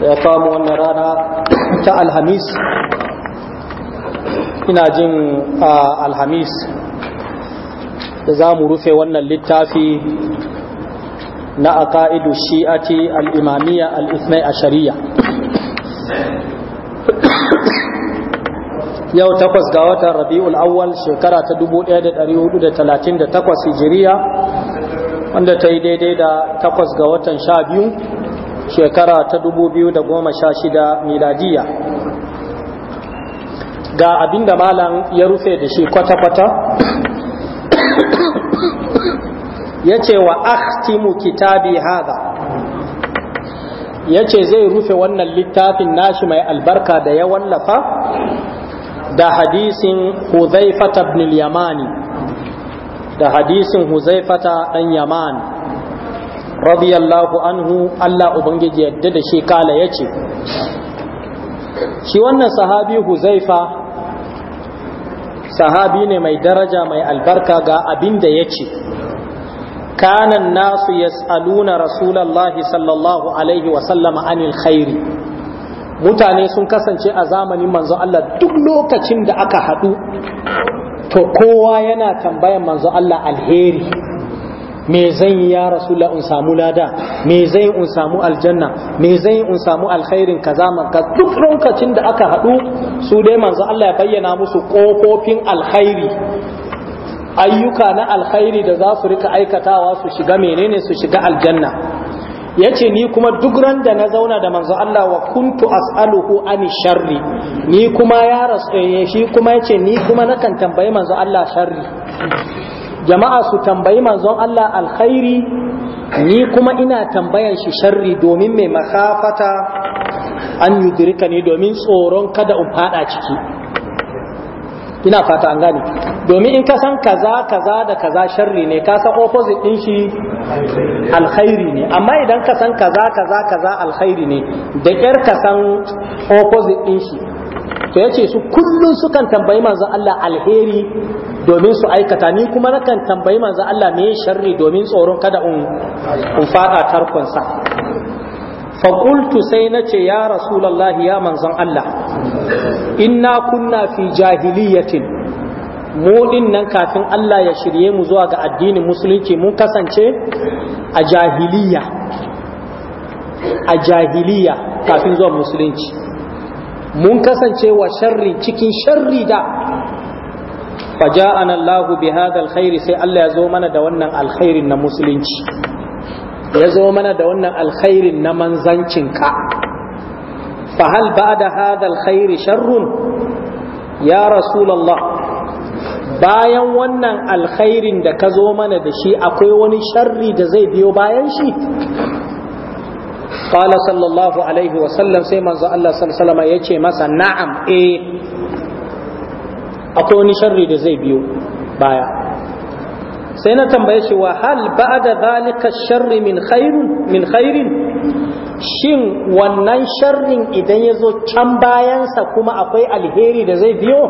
da ya kama wannan rana ta alhamis ina jin a alhamis da za mu rufe wannan littafi na aka'idu shi'ati al'imamiya al'ismai a shari'a yau takwas ga watan rabi'ul awwal shekara ta 1438 hijiriya wanda ta yi daidai da takwas ga watan sha biyu shekara ta 2016 miladiya ga abinda malam ya rufe da shi kwata-kwata ya ce wa akhtimu kitabi hada ya ce zai rufe wannan littafin nashi mai albarka da ya wallafa da hadisin huzaifata ibn yamani da hadisin huzaifata ɗan yamani radiyallahu anhu Allah ubangiji yadda da shi kala yace shi wannan sahabi Huzaifa sahabi ne mai daraja mai albarka ga abin da ce, kanan nasu yas'aluna rasulullahi sallallahu alaihi wa sallama anil khairi mutane sun kasance a zamanin manzo Allah duk lokacin da aka haɗu to kowa yana tambayan manzo Allah alheri me zan yi ya rasulullah in samu lada me zan yi in samu aljanna me zan yi in samu alkhairin kaza ka duk lokacin da aka haɗu su dai manzo Allah ya bayyana musu kofofin alkhairi ayyuka na alkhairi da za su rika aikatawa su shiga menene su shiga aljanna yace ni kuma duk ran da na zauna da manzo Allah wa kuntu as'aluhu an sharri ni kuma ya rasu eh, shi kuma yace ni kuma nakan tambayi manzo Allah sharri jama'a su tambayi manzon Allah alkhairi ni kuma ina tambayan shi sharri domin mai makafata an yudirika ne domin tsoron kada in fada ciki ina fata an gane domin in ka san kaza kaza da kaza sharri ne ka san opposite din shi alkhairi ne amma idan ka san kaza kaza kaza alkhairi ne da yar ka san opposite din shi to yace su kullun sukan tambayi manzon Allah alheri domin su aikata ni kuma na kan tambayi manzo Allah me sharri domin tsoron kada in un fada tarkon sa fa qultu sai nace ya rasulullahi ya manzon Allah inna kunna fi jahiliyatin mu din nan kafin Allah ya shirye mu zuwa ga addinin musulunci mun kasance a jahiliya a jahiliya kafin zuwa musulunci mun kasance wa sharri cikin sharri da faja'ana Allahu bi hadha alkhairi sai Allah ya zo mana da wannan alkhairin na musulunci ya zo mana da wannan alkhairin na manzancin ka fa hal ba'da hadha alkhairi sharrun ya rasulullah bayan wannan alkhairin da ka zo mana da shi akwai wani sharri da zai biyo bayan shi qala sallallahu alaihi wa sallam sai manzo Allah sallallahu yace masa na'am eh akwai wani sharri da zai biyo baya sai na tambaye shi wa hal ba'da zalika sharri min min shin wannan sharrin idan ya zo can bayansa kuma akwai alheri da zai biyo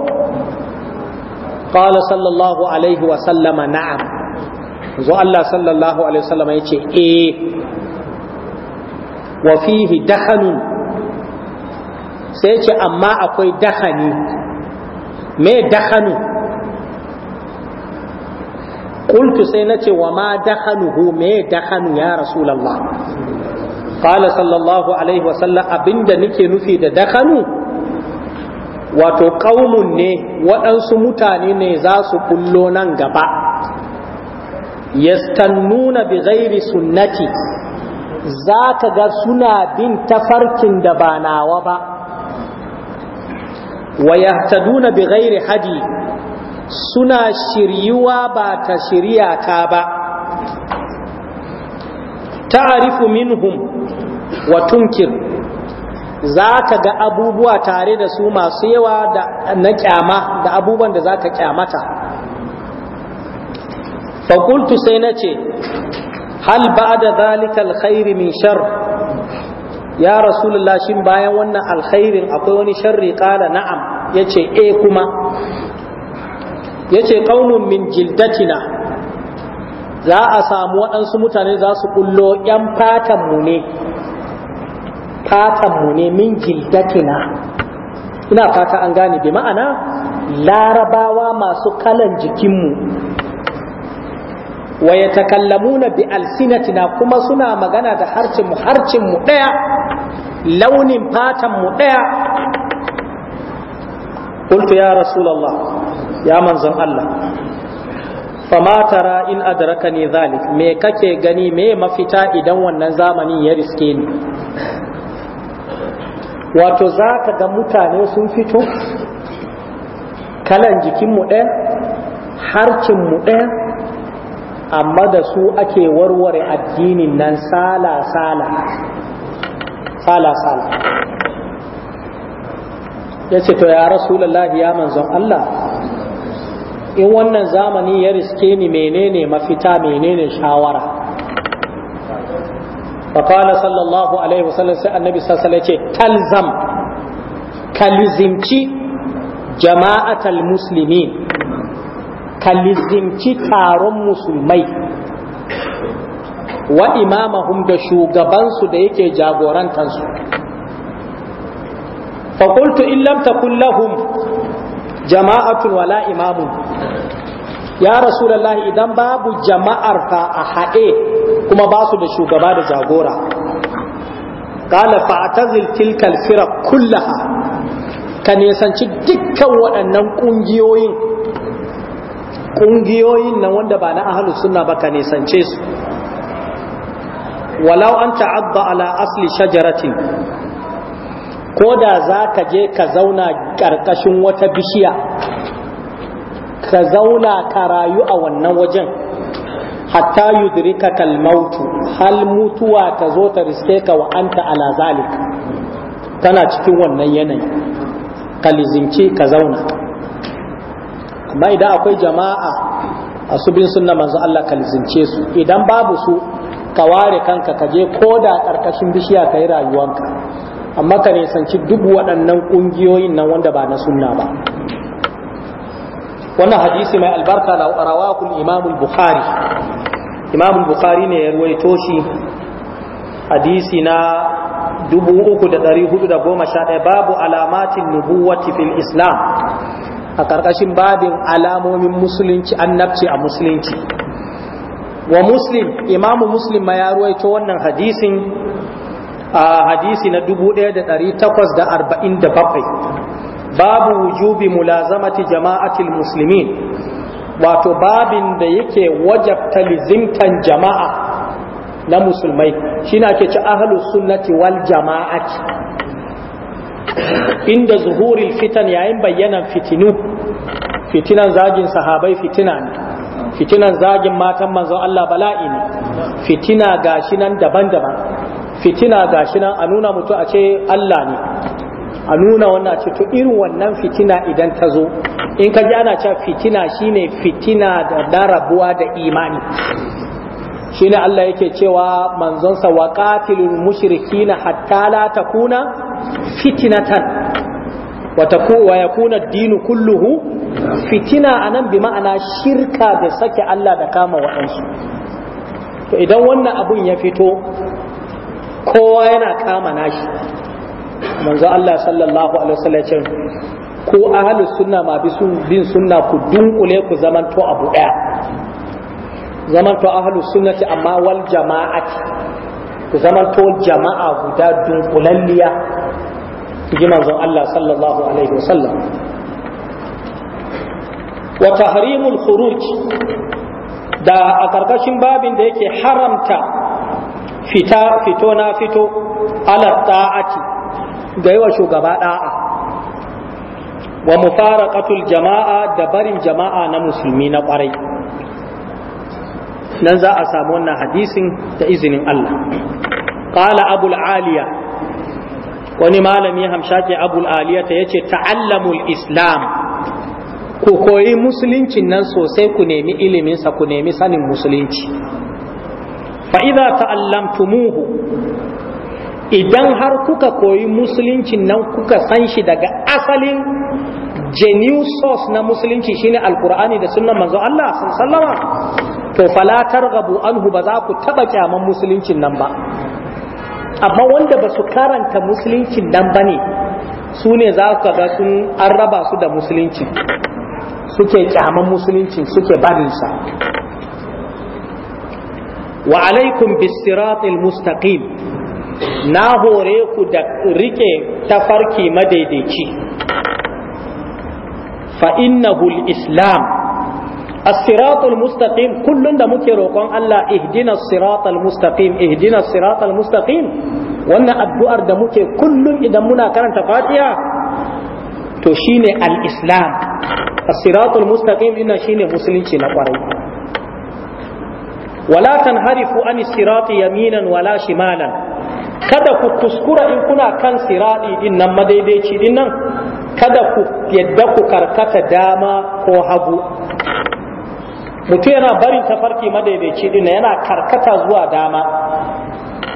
qala sallallahu alaihi wa sallama na'am zo Allah sallallahu alaihi wa sallama yace eh Wafihi fihi dahanun sai ce amma akwai dahani me dahanu qultu sai nace wa ma dahanuhu me dahanu ya rasulullah qala sallallahu alaihi wa sallam abinda nike nufi da dahanu wato qaumun ne waɗansu mutane ne za su kullo nan gaba yastannuna bi ghairi sunnati za ka ga suna bin tafarkin da ba nawa ba wa yahtaduna bi hadi suna shiryuwa ba ta shirya ta ba ta arifu minhum wa tunkir za ka ga abubuwa tare da su masu yawa na kyama da abubuwan da za ka kyamata fakultu sai na ce hal ba'da zalika alkhairi min shar ya rasulullah shin bayan wannan alkhairin akwai wani sharri qala na'am yace eh kuma yace qaulun min jildatina za a samu waɗansu mutane za su kullo yan fatan mu ne fatan mu ne min jildatina ina fata an gane bi ma'ana larabawa masu kalan jikinmu wa yatakallamuna bi alsinatina kuma suna magana da harcinmu daya launin fatan mu daya qultu ya rasulullah ya manzon Allah fama tara in ne zalik me kake gani me mafita idan wannan zamanin ya riske ni wato za ka ga mutane sun fito kalan jikinmu ɗaya harcinmu ɗaya amma da su ake warware addinin nan sala-sala sala-sala ya ce to ya rasulallah ya manzon Allah in wannan zamani ya riske ni menene mafita menene shawara faƙala sallallahu alaihi wasallam sai annabi sassale ce talzam kalizimci jama'atal musulmi kalizimci taron musulmai wa imamahum da shugabansu da yake jagorantarsu. faƙultu in lam jama'atun wala imamun ya rasulallah idan babu jama'ar ka a haɗe kuma ba su da shugaba da jagora ƙala fa'atazil tilkal fira kullaha ka nesanci dukkan waɗannan ƙungiyoyin ƙungiyoyin nan wanda ba na ahalus sunna ba ka nisance su walau an ta'adda ala asli shajaratin ko da za ka je ka zauna ƙarƙashin wata bishiya ka zauna ka rayu a wannan wajen hatta yudrika kalmautu hal mutuwa ta zo ta riske ka wa an ala zalik tana cikin wannan yanayi ka ka zauna amma idan akwai jama'a a su bin sunna manzo Allah ka lizince su idan babu su ka ware kanka ka je ko da karkashin bishiya ka yi rayuwanka amma ka nisanci duk waɗannan ƙungiyoyin nan wanda ba na sunna ba wannan hadisi mai albarka na rawakul imamul bukhari imamul bukhari ne ya ruwaito shi hadisi na dubu uku da da hudu goma sha ɗaya babu alamatin nubuwati fil islam a ƙarƙashin babin alamomin musulunci annabci a musulunci wa muslim imamu muslim ma ya ruwaito wannan hadisin a hadisi na 1847 babu wujubi mulazamati jama'atil muslimin wato babin da yake wajabta lizimtan jama'a na musulmai shine ake ci ahlus sunnati wal jama'ati inda zuhuril fitan yayin bayyanan fitinu fitinan zagin sahabai fitina ne fitinan zagin matan manzon Allah bala'i ne fitina gashi nan daban-daban fitina gashi nan a nuna mutu a ce Allah ne a nuna wannan ce to irin wannan fitina idan ta zo in ka ji ana cewa fitina shine fitina da darabuwa da imani shine Allah yake cewa manzonsa wa qatilul mushrikina hatta la kuna fitinatan wa ya kuna dinu kulluhu fitina a nan bi ma'ana shirka da sake Allah da kama waɗansu. to idan wannan abun ya fito kowa yana kama nashi manzo Allah sallallahu alaihi wasallam ce ko ahlus sunna ma bi bin sunna ku dunkule ku zamanto abu daya zamanto ahlus sunnati amma wal jama'ati ku zamanto jama'a guda dunkulalliya ji manzon Allah sallallahu alaihi Sallam. wa tahrimul khuruj da a karkashin babin da yake haramta fita fito na fito ala ta'ati ga yawa shugaba da'a wa mufaraqatul jama'a da barin jama'a na musulmi na kwarai nan za a samu wannan hadisin da izinin Allah qala abul aliya wani malami hamshake abul aliya ta yace ta'allamul islam ku koyi musuluncin nan sosai ku nemi iliminsa ku nemi sanin musulunci fa idza ta'allamtumuhu idan har kuka koyi musuluncin nan kuka san shi daga asalin genuine source na musulunci shine alkur'ani da sunnan manzo Allah sallama to falatar gabu anhu ba za ku taba kyaman musuluncin nan ba amma wanda ba su karanta musuluncin nan ba ne su ne za ka ga sun an raba su da musulunci suke kyaman musuluncin suke barinsa wa alaikum bisiratil mustaqim na hore ku da rike tafarki madaidaici fa al islam as-siratal mustaqim kullun da muke rokon Allah ihdina as-siratal ihdina as-siratal wannan addu'ar da muke kullum idan muna karanta Fatiha to shine al-islam as-siratal mustaqim ina shine musulunci na kwarai wala tanharifu an sirati yaminan wala shi shimalan kada ku kuskura in kuna kan sirati din nan madaidaici din nan kada ku yarda ku karkata dama ko hagu mutum yana barin tafarki madaidaici din yana karkata zuwa dama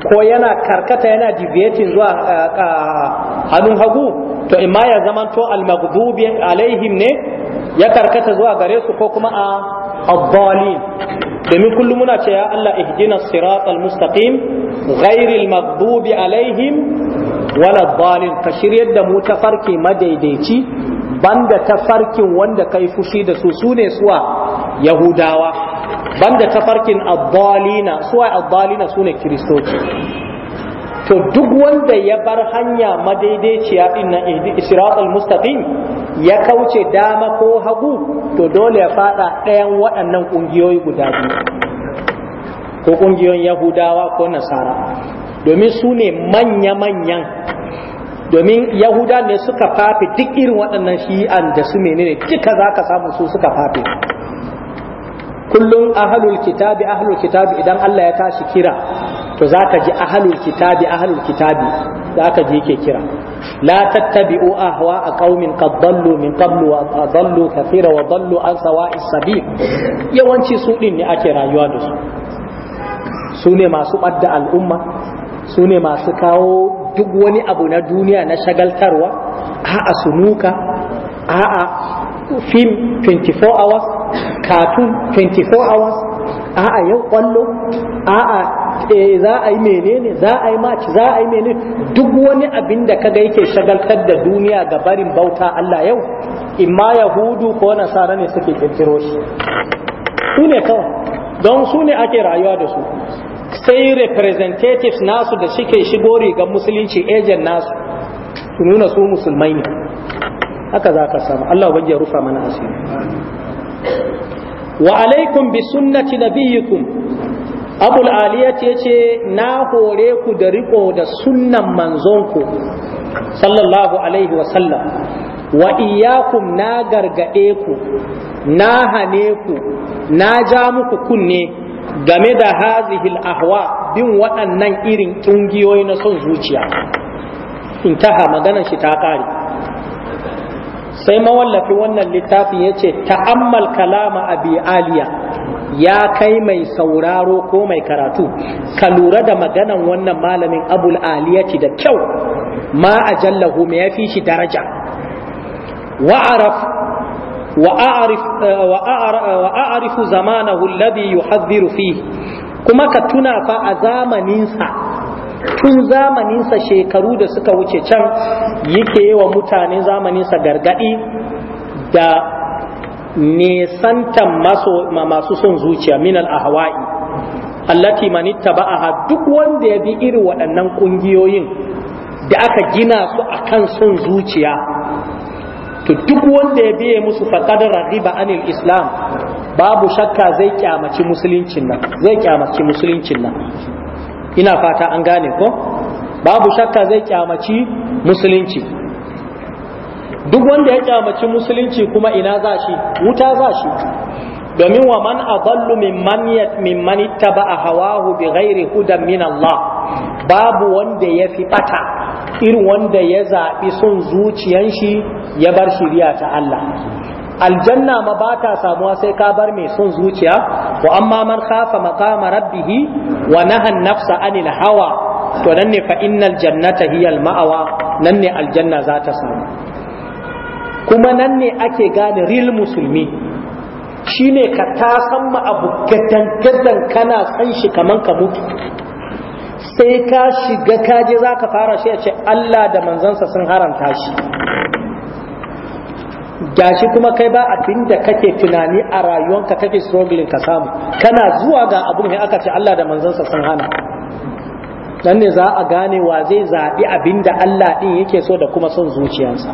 ko yana karkata yana deviating zuwa eh, eh, hannun hagu to imma ya zamanto almaghdubi alaihim ne ya karkata zuwa gare su ko kuma a abbalin domin kullum muna ce ya Allah ihdina siratal mustaqim ghairil maghdubi alaihim wala dhalin ka shiryar da mu tafarki madaidaici banda tafarkin wanda kai fushi da su sune suwa yahudawa banda tafarkin abdalina suwa abdalina sune kiristoci. to duk wanda ya bar hanya madaidaiciya din na siratal mustaqim ya kauce dama ko hagu to dole ya fada ɗayan waɗannan ƙungiyoyi guda biyu ko ƙungiyoyin yahudawa ko nasara domin su ne manya-manyan domin yahuda ne suka fafe duk irin waɗannan shi'an da su menene duka za ka samu su suka fafe kullum ahalul kitabi ahalul kitabi idan Allah ya tashi kira to za ka ji ahalul kitabi ahalul kitabi za ka ji yake kira la tattabi'u ahwa a qaumin qad dallu min qablu wa adallu kathira wa dallu an sabil yawanci su din ne ake rayuwa da su su ne masu ɓadda al'umma su ne masu kawo duk wani abu na duniya na shagaltarwa a'a sunuka a'a film 24 hours cartoon 24 hours a'a yau kwallo a'a e za a yi menene za a yi maci za a yi menene duk wani abin da kaga yake shagaltar da duniya ga barin bauta Allah yau imma yahudu ko nasara ne suke kirkiro shi su ne kawai don su ne ake rayuwa da su sai representatives nasu da suke shigo rigar musulunci agent nasu su nuna su musulmai ne haka za ka samu Allah wajen rufa mana asiri wa alaikum bi sunnati nabiyikum abul aliyat ya ce na hore ku da riko da sunnan manzonku sallallahu alaihi wa sallam wa iyakum na gargade ku na hane ku na ja muku kunne game da hazihil ahwa bin waɗannan irin ƙungiyoyi na son zuciya In intaha maganar shi ta ƙare sai mawallafi wannan littafin ya ce ta'ammal kalama abi aliya ya kai mai sauraro ko mai karatu ka lura da maganan wannan malamin abul aliyati da kyau ma ajallahu me ya fi shi daraja wa'araf wa zamana zamanahu alladhi yuhadhdhiru fihi kuma ka tuna a zamaninsa tun zamaninsa shekaru da suka wuce can yake yi wa mutane zamaninsa gargaɗi da nesantan masu son zuciya minal ahwa'i allati manitta ba'aha duk wanda ya bi irin waɗannan ƙungiyoyin da aka gina su akan son zuciya to duk wanda ya biye musu faqad raghiba anil islam babu shakka zai kyamaci musuluncin nan zai kyamaci musuluncin nan ina fata an gane ko babu shakka zai kyamaci musulunci duk wanda ya kyamaci musulunci kuma ina za shi wuta za shi domin wa man adallu mimman mimman ittaba'a hawahu bighairi hudan min Allah babu wanda ya fi bata irin wanda ya zaɓi son zuciyan shi ya bar shiriya ta Allah aljanna ma ba ta samuwa sai ka bar mai son zuciya wa amma man khafa maqama rabbihi wa nahan nafsa anil hawa to nan ne fa innal jannata hiya ma'awa nan ne aljanna za ta samu kuma nan ne ake gane real musulmi shine ka ta san abu gadan kana san shi kaman ka mutu sai ka shiga kaje za ka fara shi a ce Allah da manzansa sun haramta shi gashi kuma kai ba abin da kake tunani a rayuwanka kake struggling ka samu kana zuwa ga abin da aka ce Allah da manzansa sun hana dan ne za a gane wa zai zaɓi abinda Allah ɗin yake so da kuma son zuciyarsa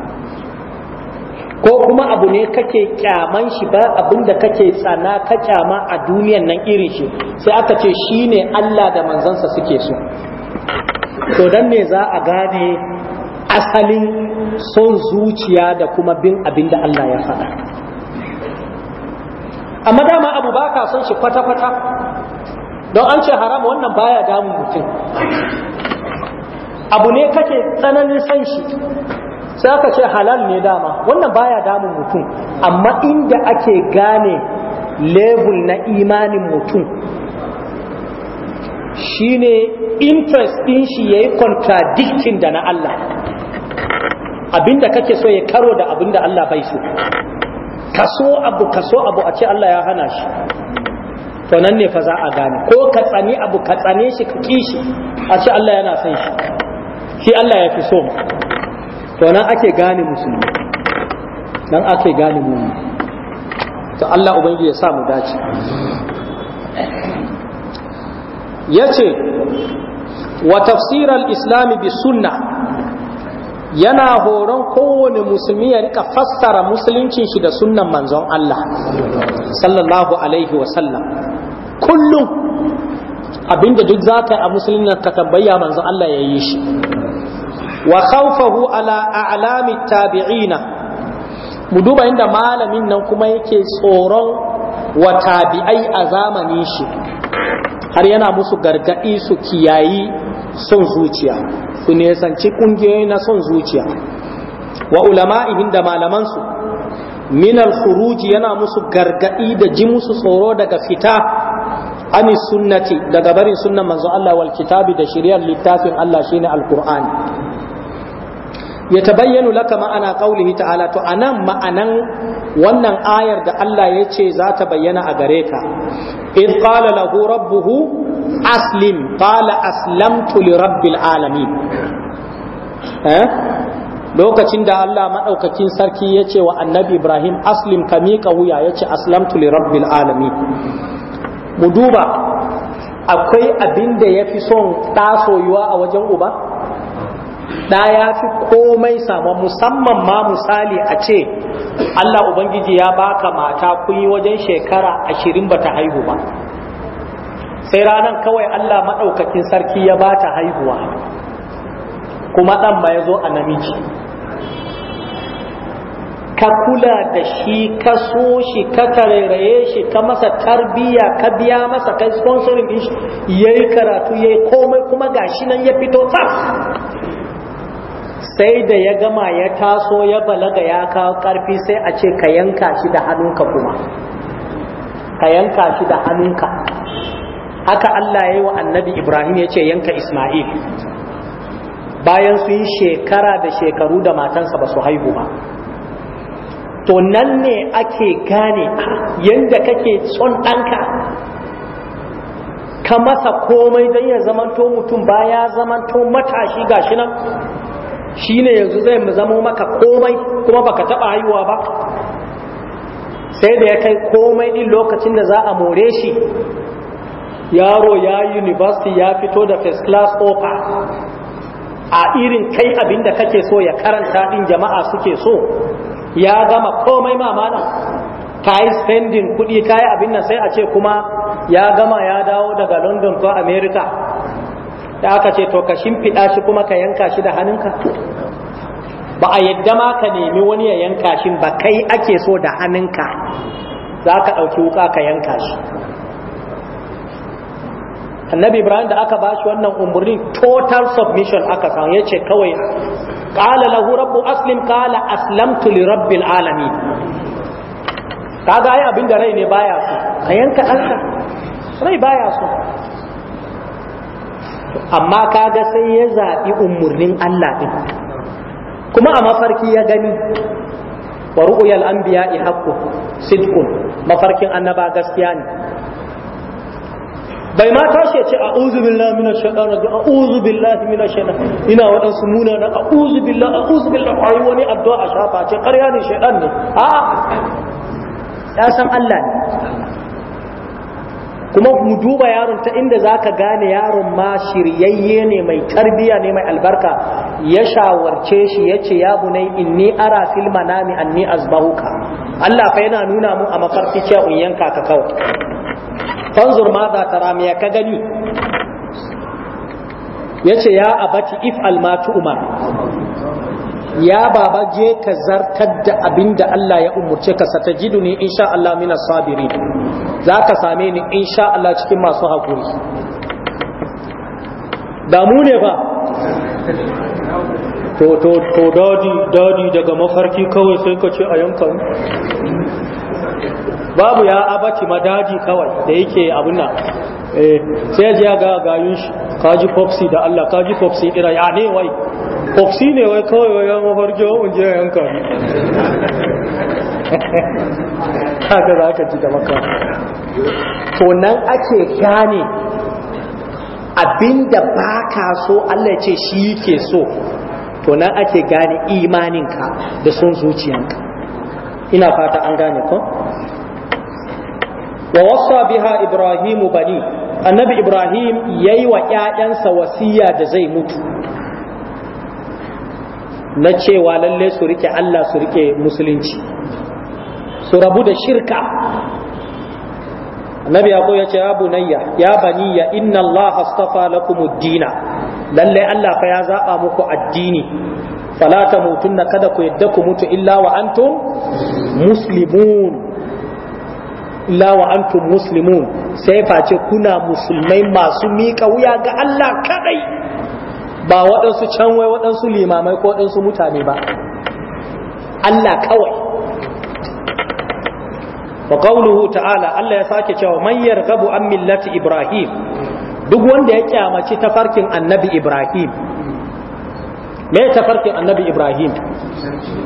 ko kuma abu ne kake kyaman shi ba abin da kake tsana ka kyama a duniyan nan irin shi sai aka ce shi ne Allah da manzansa suke so to dan me za a gane asalin son zuciya da kuma bin abin da Allah ya faɗa amma dama abu ba son shi kwata-kwata don an ce haram wannan baya damun mutum abu ne kake tsananin son shi sai aka ce halal ne dama wannan baya damun mutum amma inda ake gane level na imanin mutum shine interest din shi ya yi contradiction da na Allah abinda kake so ya karo da abinda Allah bai so kaso abu kaso abu a ce Allah ya hana shi to nan ne fa za a gane ko ka tsani abu ka tsane shi ka kishi a ce Allah yana son shi shi Allah ya fi so to nan ake gane musulmi nan ake gane mummuni to Allah ubangiji ya sa mu dace yace wa tafsir al-islam bi sunnah yana horon kowane musulmi ya rika fassara musuluncin shi da sunnan manzon Allah sallallahu alaihi wa sallam kullum abinda duk zaka a musulmin ka tambaya manzon Allah ya yi shi wa khawfahu ala a'lami tabi'ina mu duba inda malamin nan kuma yake tsoron wa tabi'ai a zamanin shi har yana musu gargadi su kiyayi son zuciya su nesanci kungiyoyi na son zuciya wa ulama'ihim da malamansu minal khuruji yana musu gargadi da ji musu tsoro daga fita ani sunnati daga barin sunnan manzo Allah wal kitabi da shari'ar littafin Allah shine alqur'ani ya tabayyanu laka ma'ana qaulihi ta'ala to anan ma'anan wannan ayar da Allah ya ce za ta bayyana a gare ka in qala lahu rabbuhu aslim qala aslamtu li rabbil alamin eh? lokacin da Allah maɗaukacin sarki ya ce wa annabi Ibrahim aslim ka miƙa wuya ya ce aslamtu li rabbil alamin mu duba akwai abin da ya fi son ɗasoyuwa a wajen uba da ya fi komai sama musamman ma misali a ce Allah Ubangiji ya baka mata kun wajen shekara ashirin ba ta haihu ba sai ranar kawai Allah maɗaukakin sarki ya ba ta haihuwa kuma ɗan ba ya zo a namiji ka kula da shi ka so shi ka tarairaye shi ka masa tarbiya ka biya masa kai sponsorin din shi yi karatu ya yi komai kuma ga shi nan ya fito tsaf sai da ya gama ya taso ya balaga ya kawo karfi sai a ce ka yanka shi da hannunka kuma ka yanka shi da hannunka haka Allah ya yi wa annabi Ibrahim ya ce yanka Ismail bayan su yi shekara da shekaru da matansa ba su haihu ba to nan ne ake gane yadda kake son ɗanka ka masa komai don ya zamanto mutum ba ya zamanto matashi gashi nan Shi ne yanzu zai zamo maka komai kuma baka taba haihuwa ba sai da ya kai komai din lokacin da za a more shi yaro ya yi university ya fito da first class offer a irin kai abinda kake so ya karanta din jama'a suke so ya gama komai mamana ka yi spending kudi ka yi abin nan sai a ce kuma ya gama ya dawo daga london ko america da aka ce to ka shimfiɗa shi kuma ka yanka shi da hannunka ba a yadda ma ka nemi wani ya yanka shi ba kai ake so da hannunka za ka ɗauki wuka ka yanka shi annabi ibrahim da aka ba shi wannan umarni total submission aka samu ya ce kawai ƙala lahu rabbu aslim ƙala aslamtu li rabbil alami kaga ai abin da rai ne baya su a yanka ɗanka rai baya su amma ka ga sai ya zaɓi umarnin allah ɗin kuma a mafarki ya gani wa ru'uyal i haqqu sidqun mafarkin annaba gaskiya ne bai ma tashi ya ce a'udhu billahi minash shaitani rajim a'udhu billahi minash shaitani ina waɗansu muna na a'udhu billahi a'udhu billahi ayi wani addu'a a shafa ce ƙarya ne shaitan ne a'a ya san Allah ne kuma mu duba yaron ta inda zaka gane yaron ma shiryayye ne mai tarbiya ne mai albarka ya shawarce shi yace ya bunai inni ara fil manami anni azbahuka Allah fa yana nuna mu a mafarki cewa in yanka ka kawo. tanzur ma za rami ya ka gani yace ya abati if almatu umar ya baba je ka zartar da abin da Allah ya umurce ka sata jidu ne insha Allah mina sabiri za ka same ni insha Allah cikin masu haƙuri mu ne ba to to to dadi dadi daga mafarki kawai sai ka ce a yanka babu ya abati madadi kawai da yake abin nan eh, sai ya ga gayun shi kaji popsi da Allah kaji popsi ira ya ne wai popsi ne wai kawai wai yan mafarki wa oh, unje yanka kaga za ka ji da maka to nan ake gane abinda ba ka so Allah ce shi ke so to nan ake gane imaninka da son zuciyanka ina fata an gane ko wa wasa biha ibrahimu bani annabi ibrahim ya yi wa ‘ya'yansa wasiya da zai mutu na cewa lalle su rike allah su rike musulunci su rabu da shirka annabi ya ya ce ya bunayya ya baniya inna allah astafa lakum dina lalle allah fa ya zaɓa muku addini fala ta mutunna kada ku yadda ku mutu illa wa antum muslimun illa wa antum muslimun sai face kuna musulmai masu miƙa wuya ga Allah kadai ba waɗansu canwai waɗansu limamai ko waɗansu mutane ba Allah kawai wa qawluhu ta'ala Allah ya sake cewa man yarghabu an millati ibrahim duk wanda ya kyamaci tafarkin annabi ibrahim me tafarkin annabi ibrahim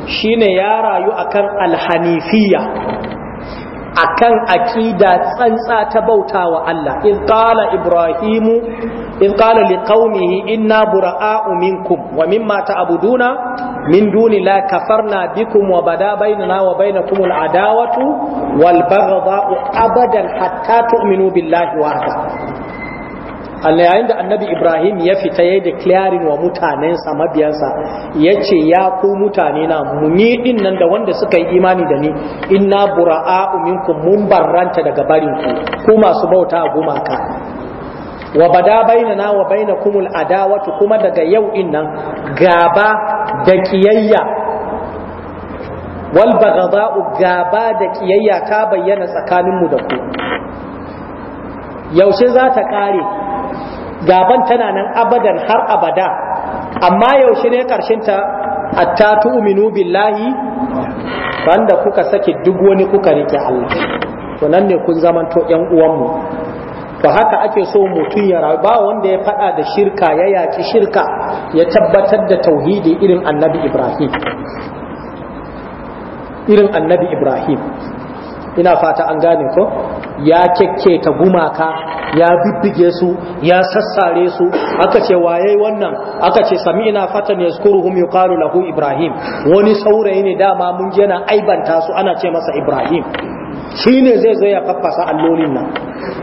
shine ya rayu akan alhanifiyya akan aƙida tsantsa ta bauta wa Allah in qala ibrahimu in qala liqaumihi inna bura'a'u minkum wa mimma ta'buduna min duni la kafarna bikum wa bada bainana wa bainakum al'adawatu wal baghdha'u abadan hatta tu'minu billahi wahda Allah yayin da annabi Ibrahim ya fita ya yi declaring wa mutanensa mabiyansa ya ce ya ku mutane na mu din nan da wanda suka yi imani da ni inna bura'a minkum mun barranta daga barin ku ku masu bauta gumaka wa bada bainana wa kumul adawatu kuma daga yau din nan gaba da kiyayya wal baghdha'u gaba da kiyayya ta bayyana tsakaninmu da ku yaushe za ta kare gaban tana nan abadan har abada amma yaushe ne ta atta uminu billahi banda kuka saki duk wani kuka rike Allah to nan ne kun zamanto yan uwanmu to haka ake so mutum ya rayu ba wanda ya fada da shirka ya yaki shirka ya tabbatar da tauhidi irin annabi Ibrahim irin annabi Ibrahim ina fata an gane ko ya ta gumaka ya bibbige su ya sassare su aka ce waye wannan aka ce sami ina fata fatan yaskuruhum yuqalu lahu ibrahim wani saurayi ne dama mun je na aibanta su ana ce masa ibrahim shine zai zo ya faffasa allolin nan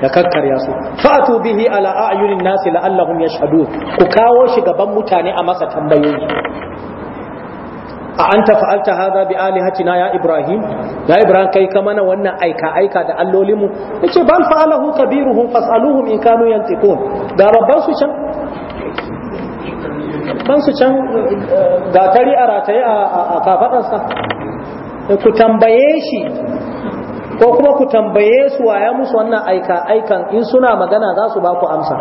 ya kakkarya su fatu bihi ala a'yunin nasi la'allahum yashhadu ku kawo shi gaban mutane a masa tambayoyi a an anta fa'alta hadha bi alihatina ya ibrahim ya ibrahim kai ka mana wannan aika aika da allolinmu yace bal fa'alahu kabiruhum fas'aluhum in kanu yantiqun da rabban su can ban su can gatari a rataye a kafadarsa ku tambaye shi ko kuma ku tambaye su waya musu wannan aika aikan in suna magana za su ba ku amsa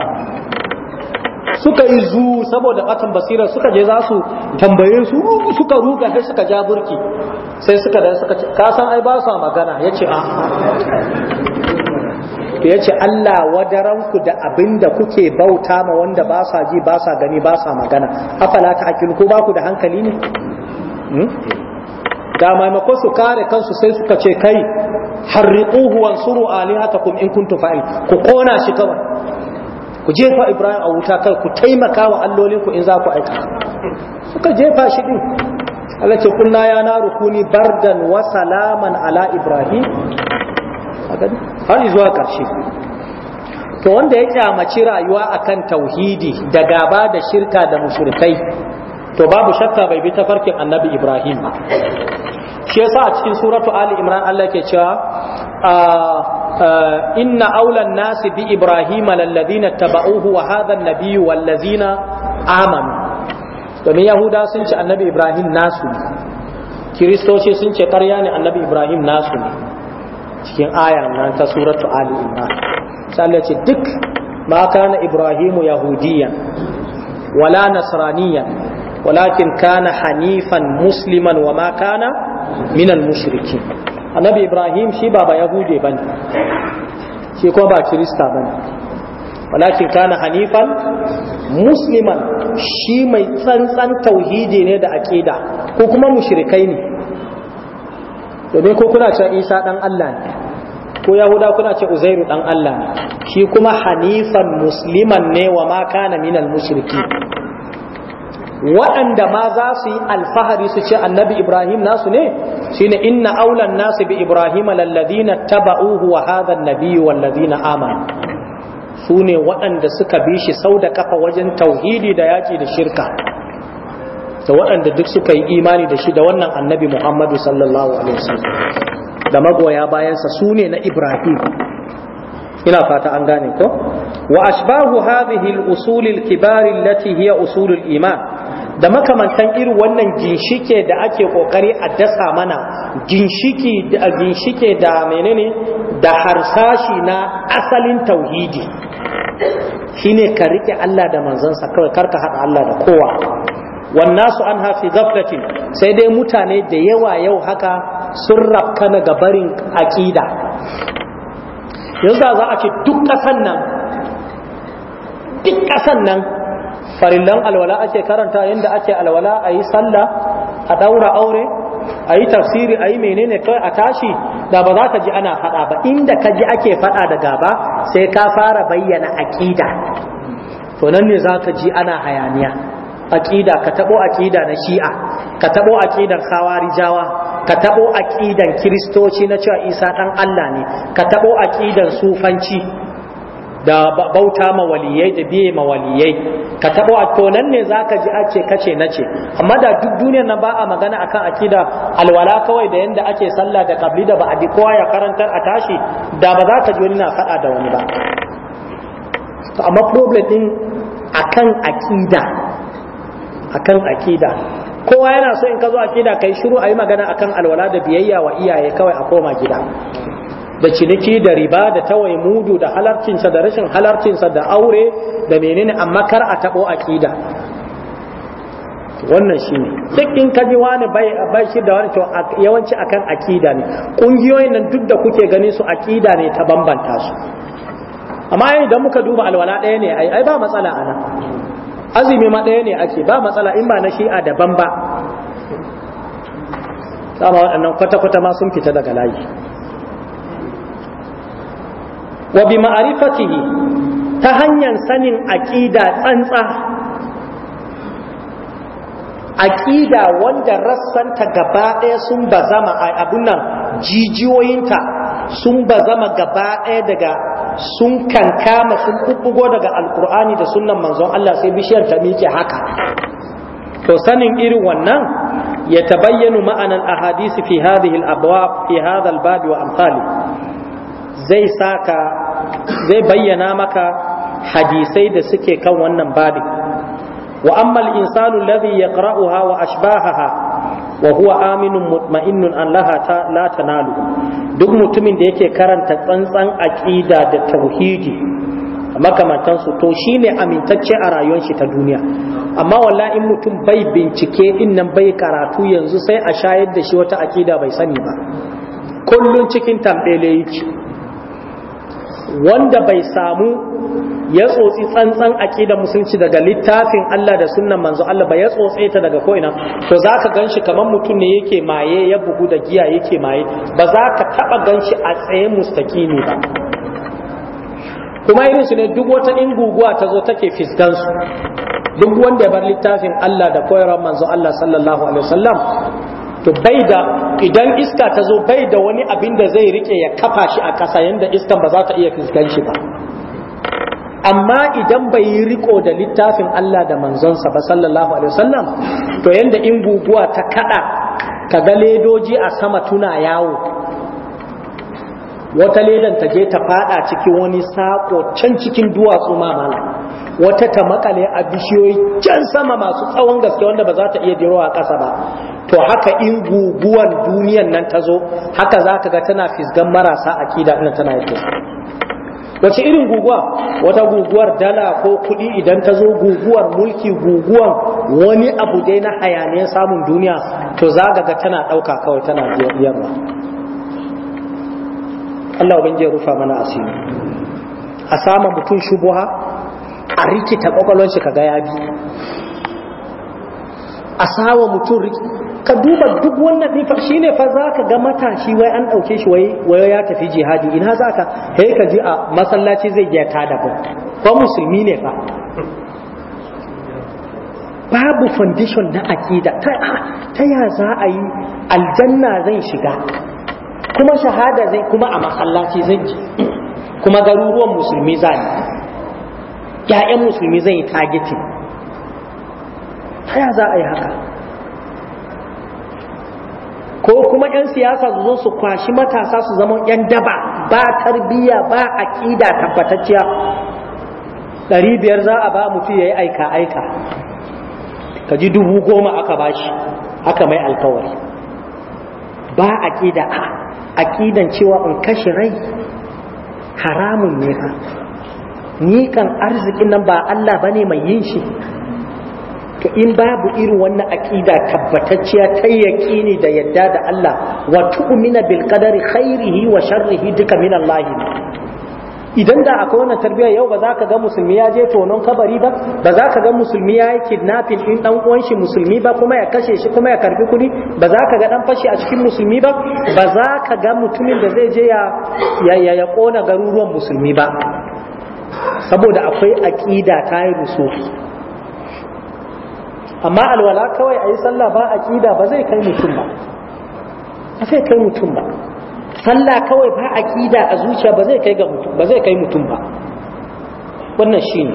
suka yi zu saboda batan basira suka je za su tambaye su oh, suka ruga sai suka ja burki sai suka da suka ka san ai ba su magana yace a ce, Allah wadaranku da abin da kuke bauta ma wanda ba sa ji ba sa gani ba sa magana afala ta akil ko baku da hankali ne hmm? da maimakon su kare kansu sai suka ce kai harriquhu wansuru alihatakum in kuntum fa'il ku kona shi kawai ku jefa ibrahim a wuta kai ku taimaka wa allolinku in za ku aika suka jefa shi din Allah ce kunna ya na rukuni bardan wa salaman ala ibrahim har zuwa ƙarshe to wanda ya kyamaci rayuwa akan tauhidi da gaba da shirka da mushrikai to babu shakka bai bi tafarkin annabi ibrahim ba shi yasa a cikin suratu ali imran Allah ke cewa ah, ah, inna aulan nasi bi ibrahima lalladina taba'uhu wa hadha an-nabiyyu wallazina amanu domin yahuda sun ce annabi ibrahim nasu ne kiristoci sun ce ƙarya ne annabi ibrahim nasu ne cikin aya nan ta suratu ali imran sai Allah ce duk ma kana ibrahimu yahudiyan wala nasraniyan walakin kana hanifan musliman wa ma kana minal mushriki annabi ibrahim shi baba ba yahude bane shi ko ba kirista bane walakin kana hanifan musliman shi mai tsantsan tauhidi ne da aqida ko kuma mushrikai ne domin ko kuna cewa isa dan allah ne ko yahuda kuna ce uzairu dan allah ne shi kuma hanifan musliman ne wa ma kana minal mushriki waɗanda ma za su yi alfahari su ce annabi ibrahim nasu ne Shi shine inna aulan nasu bi ibrahim lalladina taba wa hadha an-nabiyyu walladina amanu su ne waɗanda suka bi shi sau da kafa wajen tauhidi da yaki da shirka da waɗanda duk suka yi imani da shi da wannan annabi muhammadu sallallahu alaihi wasallam da magoya bayansa su ne na ibrahim ina fata an gane ko wa ashbahu hadhihi al-usul al-kibar allati hiya usul al-iman da makamantan irin wannan ginshike da ake kokari a dasa mana ginshike da ginshike da menene da harsashi na asalin tauhidi shine ka rike Allah da manzansa kawai karka hada Allah da kowa wannasu an hafi gaflatin sai dai mutane da yawa yau haka sun rafka na gabarin aƙida yanzu za a ce duk kasan nan duk ƙasan nan farillan alwala ake karanta yadda ake alwala a yi sallah a ɗaura aure a yi tafsiri a yi menene kai a tashi da ba za ka ji ana faɗa ba inda ka ji ake faɗa da gaba sai ka fara bayyana aƙida to nan ne za ka ji ana hayaniya aƙida ka taɓo aƙida na shi'a ka taɓo aƙidan jawa. ka taɓo aƙidan kiristoci na cewa isa ɗan allah ne ka taɓo aƙidan sufanci da bauta mawaliyai da biye ma waliyai ka taɓa to nan ne zaka ji a ce kace nace amma da duk duniyar nan ba a magana akan akida alwala kawai da yanda ake sallah da kabli da ba a kowa ya karantar a tashi da ba za ka ji wani na faɗa da wani ba to amma problem din akan akida akan akida kowa yana so in ka zo akida kai shiru a yi magana akan alwala da biyayya wa iyaye kawai a koma gida da ciniki da riba da tawai mudu da halarcinsa da rashin halarcinsa da aure da menene amma kar a tabo aqida wannan shine duk in kaji wani bai bai shi da wani to yawanci akan aqida ne kungiyoyin nan duk da kuke ganin su aqida ne ta bambanta su amma idan muka duba alwala ɗaya ne ai ba matsala ana azumi ma ɗaya ne ake ba matsala in ba na shi'a daban ba sama waɗannan kwata-kwata ma sun fita daga layi wa bi ma'arifatihi ta hanyar sanin aƙida tsantsa aƙida wanda rassanta gaba ɗaya sun bazama a abun nan jijiyoyinta sun bazama gaba ɗaya daga sun kankama sun kubbugo daga alkur'ani da sunnan manzon Allah sai bishiyar ta miƙe haka to sanin irin wannan ya tabayyanu ma'anan ahadisi fi hadhihi al-abwab fi hadha al-bab wa amsali zai saka zai bayyana maka hadisai da suke kan wannan babin wa amma al-insanu alladhi yaqra'uha wa ashbahaha wa huwa aminun mutma'innun an laha la tanalu duk mutumin da yake karanta tsantsan aqida da tauhidi makamantansu to shine amintacce a rayuwar shi ta duniya amma walla in mutum bai bincike in nan bai karatu yanzu sai a shayar da shi wata akida bai sani ba kullun cikin tambele yake wanda bai samu ya tsotsi tsantsan aqida musulunci daga littafin Allah da sunnan manzo Allah ba ya tsotse ta daga ko ina to zaka ganshi kamar mutum ne yake maye ya bugu da giya yake maye ba za ka taba ganshi a tsaye mustaqimi ba kuma irin su ne duk wata in guguwa ta zo take fisdan su duk wanda ya bar littafin Allah da koyarwar manzo Allah sallallahu alaihi wasallam to bai da idan iska ta zo bai da wani abin da zai rike ya kafa shi a ƙasa yadda iskan ba za ta iya fuskan shi ba amma idan bai yi riko da littafin Allah da manzonsa ba sallallahu alaihi wasallam to yadda in guguwa ta kada ka ga ledoji a sama tuna yawo wata ledan ta je ta fada cikin wani sako can cikin duwatsu mamala wata ta makale a bishiyoyi can sama masu tsawon gaske wanda ba za ta iya jiro a ƙasa ba to haka in guguwan duniyan nan ta zo haka za ka ga tana fisgan marasa a kida ina tana yake wace irin guguwa wata guguwar dala ko kuɗi idan ta zo guguwar mulki guguwan wani abu dai na hayaniyar samun duniya to za ga tana ɗauka kawai tana yamma Allah ubangiji ya rufa mana asiri a sama mutum shubuha a rikita kwakwalon shi kaga ya bi a sama mutum ka duba duk wannan ɗin shi ne fa za ka ga matashi wai an ɗauke shi wai ya tafi jihadi ina za ka kai ka ji a masallaci zai ya ta ba ko musulmi ne fa babu foundation na aƙida ta ya za a yi aljanna zan shiga kuma shahada zai kuma a masallaci zai ji kuma garuruwan musulmi zai ya'yan musulmi zai yi targeting za a yi haka ko kuma 'yan siyasa su zo su kwashi matasa su zama 'yan daba ba tarbiyya ba aƙida tabbatacciya ɗari biyar za a ba mutum ya yi aika-aika ka ji dubu goma aka bashi aka mai alkawari ba aƙida a aƙidan cewa in kashe rai haramun ne fa ni kan arzikin nan ba Allah bane mai yin shi to in babu irin wannan aƙida tabbatacciya ta yaƙini da yadda da Allah wa tu'mina bil qadari khairihi wa sharrihi duka min Allah idan da akwai wannan tarbiyya yau ba za ka ga musulmi ya je tonon kabari ba ba za ka ga musulmi ya yi kidnapping din dan uwan shi musulmi ba kuma ya kashe shi kuma ya karbi kuɗi ba za ka ga dan fashi a cikin musulmi ba ba za ka ga mutumin da zai je ya ya ya kona garuruwan musulmi ba saboda akwai aqida ta yi musu amma alwala kawai ayi sallah ba aqida ba zai kai mutum ba ba zai kai mutum ba sallah kawai fa aqida a zuciya ba zai kai ga mutum ba zai kai mutum ba wannan shine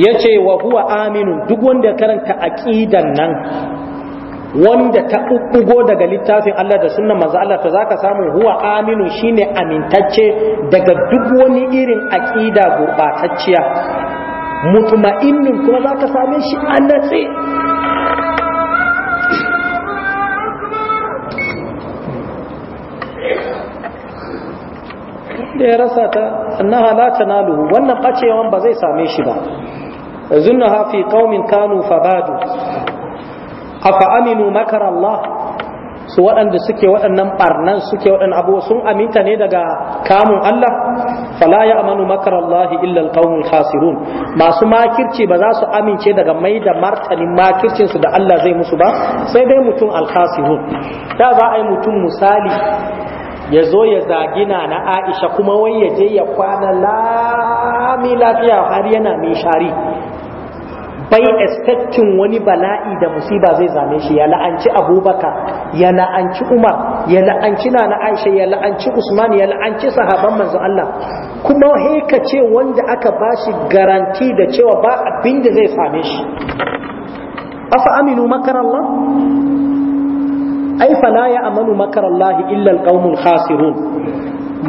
yace wa huwa aminu duk wanda ya karanta aqidan nan wanda ta ubbugo daga littafin Allah da sunnan manzo Allah to zaka samu huwa aminu shine amintacce daga duk wani irin aqida gurbatacciya mutma'innun kuma zaka same shi a da ya rasa ta annaha la tanaluhu wannan bacewan ba zai same shi ba zunnaha fi qaumin kanu fabadu afa aminu makara Allah su waɗanda suke waɗannan barnan suke waɗannan abuwa sun aminta ne daga kamun Allah fala ya amanu makara Allah illa khasirun masu makirci ba za su amince daga mai da martanin makircinsu da Allah zai musu ba sai dai mutum alkhasirun da za a yi mutum misali ya zo ya zagina na aisha kuma wai ya je ya kwana lami lafiya har yana mai shari bai estetin wani bala'i da musiba zai zame shi ya la'anci abubakar ya la'anci umar ya la'anci na aisha ya la'anci usman ya la'anci sahaban manzo Allah kuma heka ce wanda aka bashi garanti da cewa ba abinda zai same shi afa aminu Allah ai fala ya amanu makarallahi illa alqaumul khasirun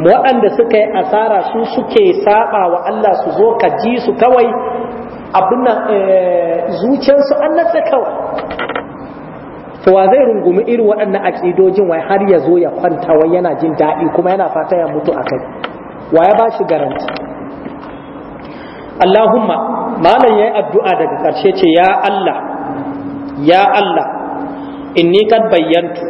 waɗanda suka yi asara su suke saba wa Allah su zo ka ji su kawai abin nan eh, su an natsa kawai to wa zai rungumi irin waɗannan aƙidojin wai har ya zo ya kwanta wai yana jin daɗi kuma yana fata ya mutu a kai wa ya ba shi garanti Allahumma malam yayi addu'a daga ƙarshe ce ya Allah ya Allah inni kan bayyantu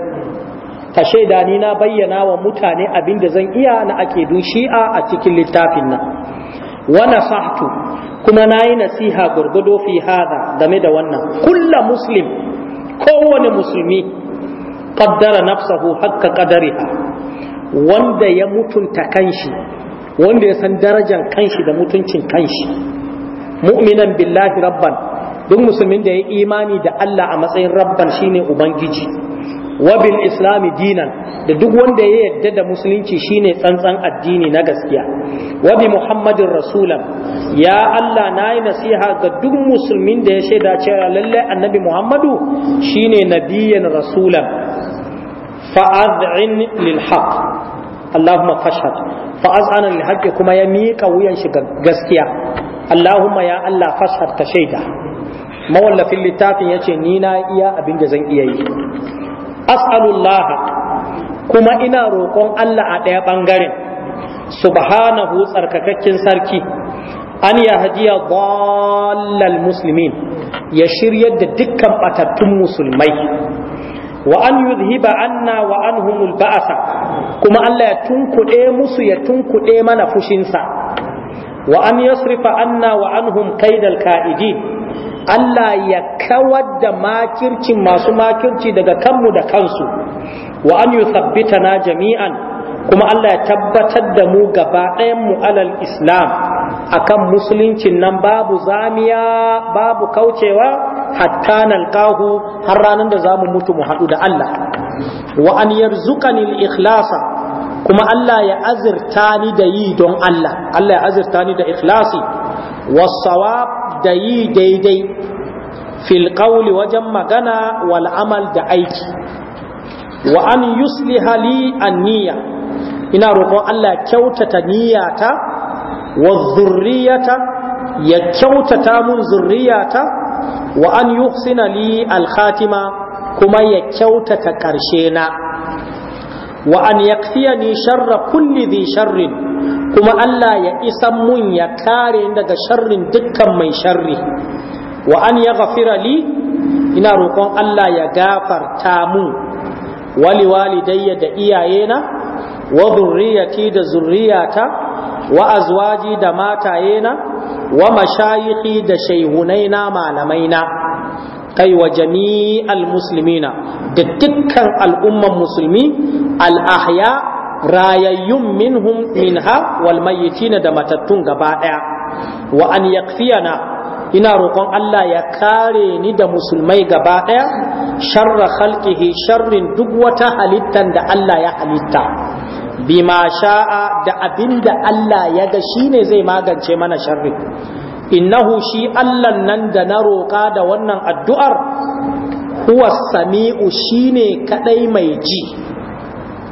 ka shaida ni na bayyana wa mutane abin da zan iya na akidun shi'a a cikin littafin nan wa nasahtu kuma nayi nasiha gurgudo fi hada game da wannan kulla muslim kowane musulmi qaddara nafsahu hakka qadariha wanda ya mutunta kanshi wanda ya san darajar kanshi da mutuncin kanshi mu'minan billahi rabban duk musulmin da ya imani da Allah a matsayin rabban shine ubangiji wabil islami dinan da duk wanda ya yadda da musulunci shine tsantsan addini na gaskiya Wabi muhammadin rasulan ya Allah na yi nasiha ga duk musulmin da ya shaida cewa lallai annabi muhammadu shine nabiyyan rasulan fa'ad'in lil haqq allahumma fashhad fa'az'ana lil kuma ya miƙa wuyan shi ga gaskiya Allahumma ya Allah fassarta shaida mawallafin littafin yace ni na iya abin da zan iya yi as'alullah kuma ina roƙon Allah a ɗaya ɓangaren subhanahu tsarkakakken sarki an ya hadiya dallal muslimin ya shiryar da dukkan batattun musulmai wa an yuzhiba anna wa anhumul ba'asa kuma Allah ya tunkuɗe musu ya tunkuɗe mana fushinsa wa an yasrifa anna wa anhum kaidal ka'idin Allah ya kawar da makircin masu makirci daga kanmu da kansu wa an na jami'an kuma Allah ya tabbatar da mu gaba ɗayan mu alal islam akan musuluncin nan babu zamiya babu kaucewa hatta nalqahu har ranar da zamu mutu mu haɗu da Allah wa an yarzuqani al-ikhlasa kuma Allah ya azirta ni da yi don Allah Allah ya azirta ni da ikhlasi wasawab da yi daidai fil qawli wajen magana wal amal da aiki wa an yusliha li niyya ina roƙon Allah ya kyautata niyyata wa zurriyata ya kyautata mun zurriyata wa an yuhsina li al khatima kuma ya kyautata ƙarshe na wa an sharra kulli dhi sharrin kuma Allah ya isa mun ya kare daga sharrin dukkan mai sharri wa an yaghfira li ina roƙon Allah ya gafarta mu wali walidayya da iyayena wa zurriyati da zurriyata wa azwaji da matayena wa mashayikhi da shaihunaina malamaina kai wa jami'al Musulmina da dukkan al'umman musulmi al'ahya rayayyun minhum minha wal mayyitina da matattun gaba daya wa an yakfiyana ina roƙon Allah ya kare ni da musulmai gaba daya sharra khalqihi sharrin duk wata halittan da Allah ya halitta bima sha'a da abinda Allah ya ga shine zai magance mana sharri innahu shi Allah nan da na roƙa da wannan addu'ar huwa sami'u ne kadai mai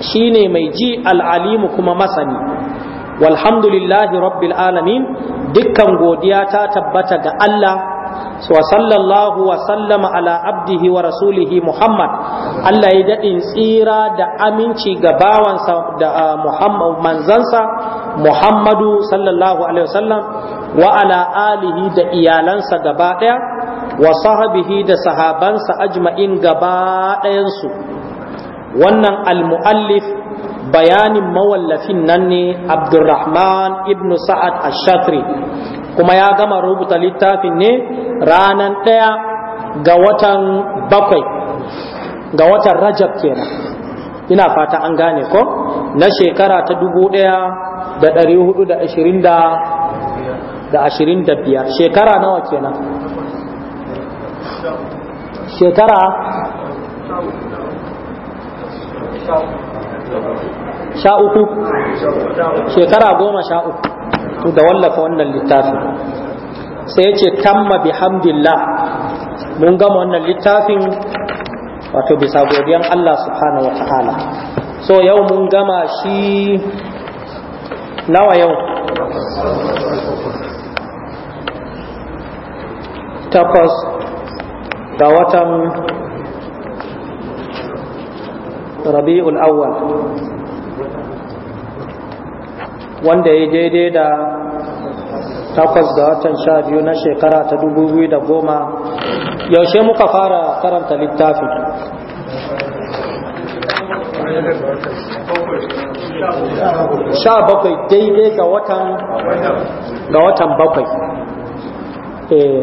ji ne mai ji al'alimu kuma masani walhamdulillahi rabbil alamin dukkan godiya ta tabbata ga Allah wa sallallahu wa sallama ala abdihi wa rasulihi Muhammad Allah ya daɗin tsira da aminci ga bawansa da ah, manzansa Muhammadu sallallahu alaihi wasallam wa ala alihi da iyalansa gaba ɗaya wa sahbihi da sahabansa ajma'in gaba su wannan almu'allif bayanin mawallafin nan ne abdurrahman ibn sa'ad ash-shatri kuma ya gama rubuta littafin ne ranan ɗaya ga watan bakwai ga watan rajab kenan ina fata an gane ko na shekara ta dubu ɗaya da ɗari da ashirin da da ashirin da biyar shekara nawa kenan shekara sha uku shekara goma sha uku da wallafa wannan littafin sai ce tamma bihamdillah mun gama wannan littafin wato bisa godiyan Allah subhanahu wa so yau mun gama shi nawa yau takwas ga watan rabi'ul awwal wanda ya daidai da takwas ga watan sha biyu na shekara ta dubu biyu da goma yaushe muka fara karanta littafin sha bakwai daidai ga watan bakwai eh,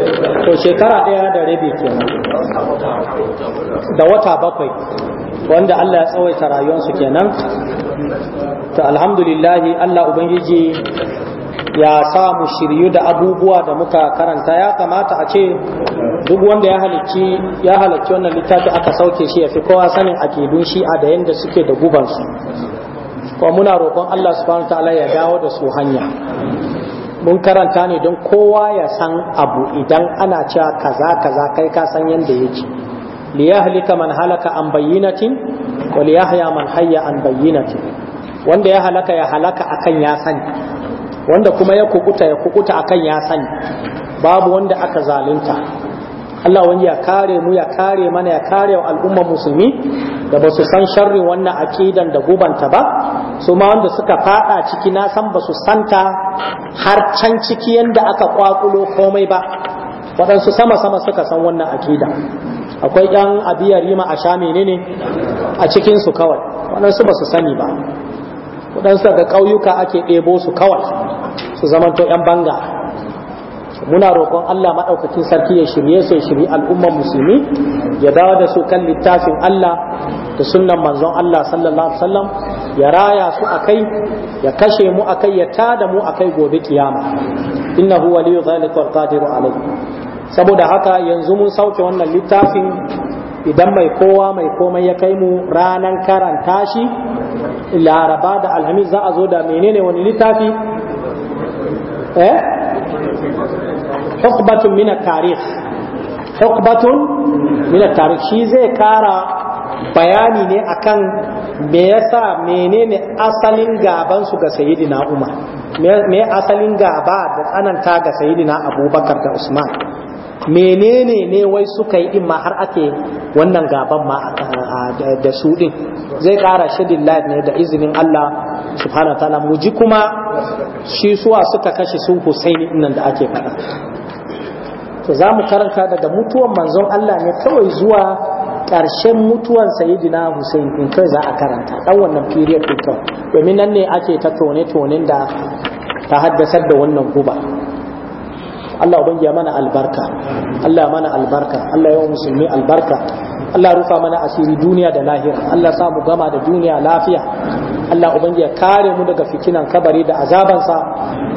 to shekara ɗaya da rabi kenan da wata bakwai wanda Allah ya tsawaita rayuwarsu kenan ta alhamdulillahi Allah Ubangiji ya sa mu shiryu da abubuwa da muka karanta ya kamata a ce duk wanda ya halicci ya halicci wannan littafi aka sauke shi ya fi kowa sanin akidun shi'a da yadda suke da gubansu ko muna roƙon Allah subhanahu ta'ala ya dawo da su hanya mun karanta ne don kowa ya san abu idan ana cewa kaza kaza kai ka san yadda yake li yahlika man halaka an bayyinatin wa li yahya man hayya an bayyinatin wanda ya halaka ya halaka akan ya sani wanda kuma ya kukuta ya kukuta akan ya sani babu wanda aka zalunta Allah wani ya kare mu ya kare mana ya kare wa al'ummar musulmi da ba su san sharrin wannan akidan da gubanta ba su ma wanda suka fada ciki na san ba su santa har can ciki yadda aka kwakulo komai ba waɗansu sama-sama suka san wannan akida akwai ɗan abiyar yi a sha menene a cikinsu kawai waɗansu ba su sani ba waɗansu daga ƙauyuka ake ɗebo su kawai su zamanto 'yan banga muna roƙon Allah maɗaukacin sarki ya shirye su ya shirye al'ummar musulmi ya dawo da su kan littafin Allah da sunnan manzon Allah sallallahu alaihi wasallam ya raya su akai ya kashe mu akai ya tada mu akai gobe kiyama innahu waliyyu dhalika wal qadiru alayh saboda haka yanzu mun sauke wannan littafin idan mai kowa mai komai ya kai mu ranan karanta shi laraba da alhamis za a zo da menene wani littafi eh hukbatun mina tarih hukbatun mina tarih shi zai kara bayani ne akan me yasa menene asalin gaban su ga sayyidina Umar me asalin gaba da tsananta ga sayyidina Abubakar da Usman menene ne wai suka yi din ma har ake wannan gaban ma da su din zai kara shadin ne da izinin Allah subhanahu wataala mu ji kuma shi suwa suka kashe sun Husaini nan da ake faɗa to za mu karanta daga mutuwan manzon Allah ne kawai zuwa ƙarshen mutuwan sayidina Hussein din kai za a karanta dan wannan period din kawai domin nan ne ake ta tone tonen da ta haddasar da wannan guba Allah ubangiya mana albarka Allah mana albarka Allah yawan musulmi albarka Allah rufa mana asiri duniya da lahira Allah sa mu gama da duniya lafiya Allah ubangiji ya kare mu daga fitinan kabari da azabansa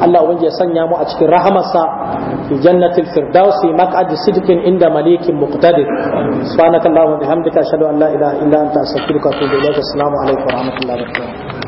Allah ubangiji ya sanya mu a cikin rahamarsa fi jannatil firdaus maq'ad sidqin inda malikin muqtadir subhanakallahumma bihamdika ashhadu an la ilaha illa anta astaghfiruka wa atubu ilaik assalamu alaikum wa rahmatullahi wa barakatuh